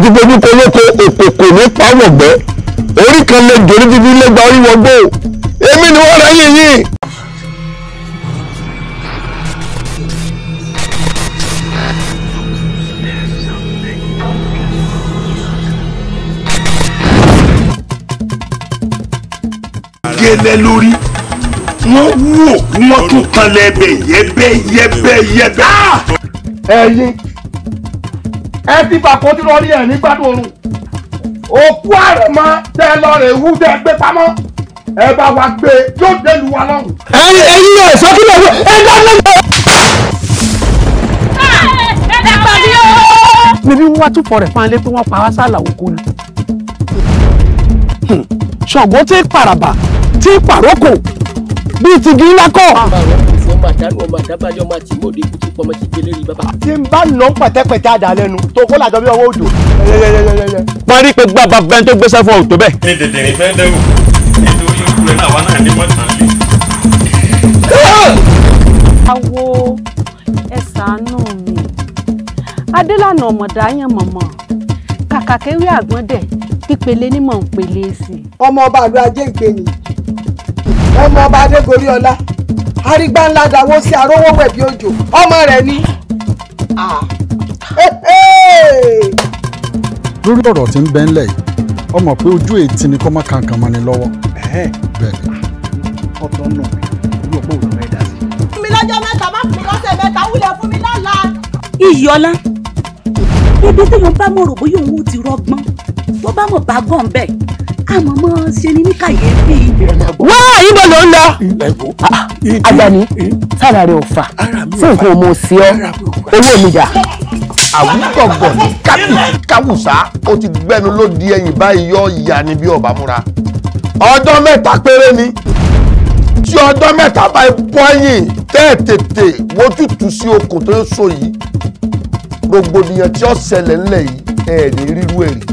àti gbogbo olóko òkòkò ní pàwọ̀gbẹ́ orí kan lè jòrí dídí lẹ́gbàá oríwọ́gbó èmi ni wọ́n ráyè yìí. gẹ́lẹ́ lórí wọ́n wú wọn tún kan lẹ́bẹ̀ yẹ́bẹ́ yẹ́bẹ́ yẹ́bẹ́. Ah! ẹyin ẹ ti bà kó tí lọ rí ẹ̀ ní gbádùn oorun òkú àrẹ̀mọ tẹ lọ rẹ̀ wú tẹ gbé pamọ́ ẹ bá wa gbé yóò délu wa lọ́rùn. ẹyin ẹyin náà sọ kí ló wọ ẹ bá lọ. ẹ pàdé o. níbi wọ́n túfọ̀ rẹ̀ fún alẹ́ pé wọ́n pa wá sálà òkú ni. ṣọ̀gbọ́n tí pàràbà tí pàrókò bíi ti gíńlá kọ́ ọmọ àdánù ọmọ àdábáyọ ọmọ àti ìmọ̀ọ́dẹ ikú ti pọmọ ti gbélé rí bàbá. tí n bá nà ń pẹ̀tẹ́pẹ̀tẹ́ àdá tó kó làjọ bí ọwọ́ òjò. parí pé gbàgbà bẹ́ẹ̀ tó gbéṣẹ́ fún ọ̀tọ̀ bẹ́ẹ̀. ní tètè ní fẹ́ẹ́ dẹ́wù nítorí ikú náà wà náà ní mọ́tàn lé. àwo ẹ ṣàánú mi adélànà ọ̀mọ̀dá yẹn mọ̀mọ́ kàkà kéwì àgbọ̀ndẹ̀ pípele ní mọ̀ ń pele sí ọmọ ọba àlọ́ ajé ìpè arígbá ńlá dàwó sí arówó wẹ̀bí òjò ọmọ rẹ̀ ni. lórí ọ̀rọ̀ tí ń bẹ ńlẹ̀ yìí ọmọ pé ojú ètí ni kọ́mọ kankan mọ́ ni lọ́wọ́. bẹ́ẹ̀ni. ọ̀dọ́ náà olú ọ̀pọ̀ òun rẹ̀ dá sí. fún mi lọ́jọ́ mẹ́ta má fún lọ́sẹ̀ mẹ́ta wúlẹ̀ fún mi lọ́la. iyọlá gbogbo tí mo bá mọ̀ rò bóyá ti rọgbọ́n tó bá mọ̀ bá gàn bẹ́ẹ̀ àmọ́ mọ́ ṣe ni ní kàyéfì. wá ibo ló ń lọ. Àjàní sára rẹ ò fà sí nǹkan ọmọ òsì ọ owó mi dà. àwùjọgbọ̀n ní káwùsá ó ti gbẹnu ló di ẹ̀yìn báyìí yọ ìyá ni bí ọba múra ọjọ́ mẹ́ta péré ni tí ọjọ́ mẹ́ta bá bọ́yìn tẹ́ẹ̀tẹ̀tẹ̀ wojútù sí okùn tó ń so yìí rògbòdìyàn tí ó ṣẹlẹ̀ ńlẹ̀ yìí ẹ̀ẹ́dì rírú èrè.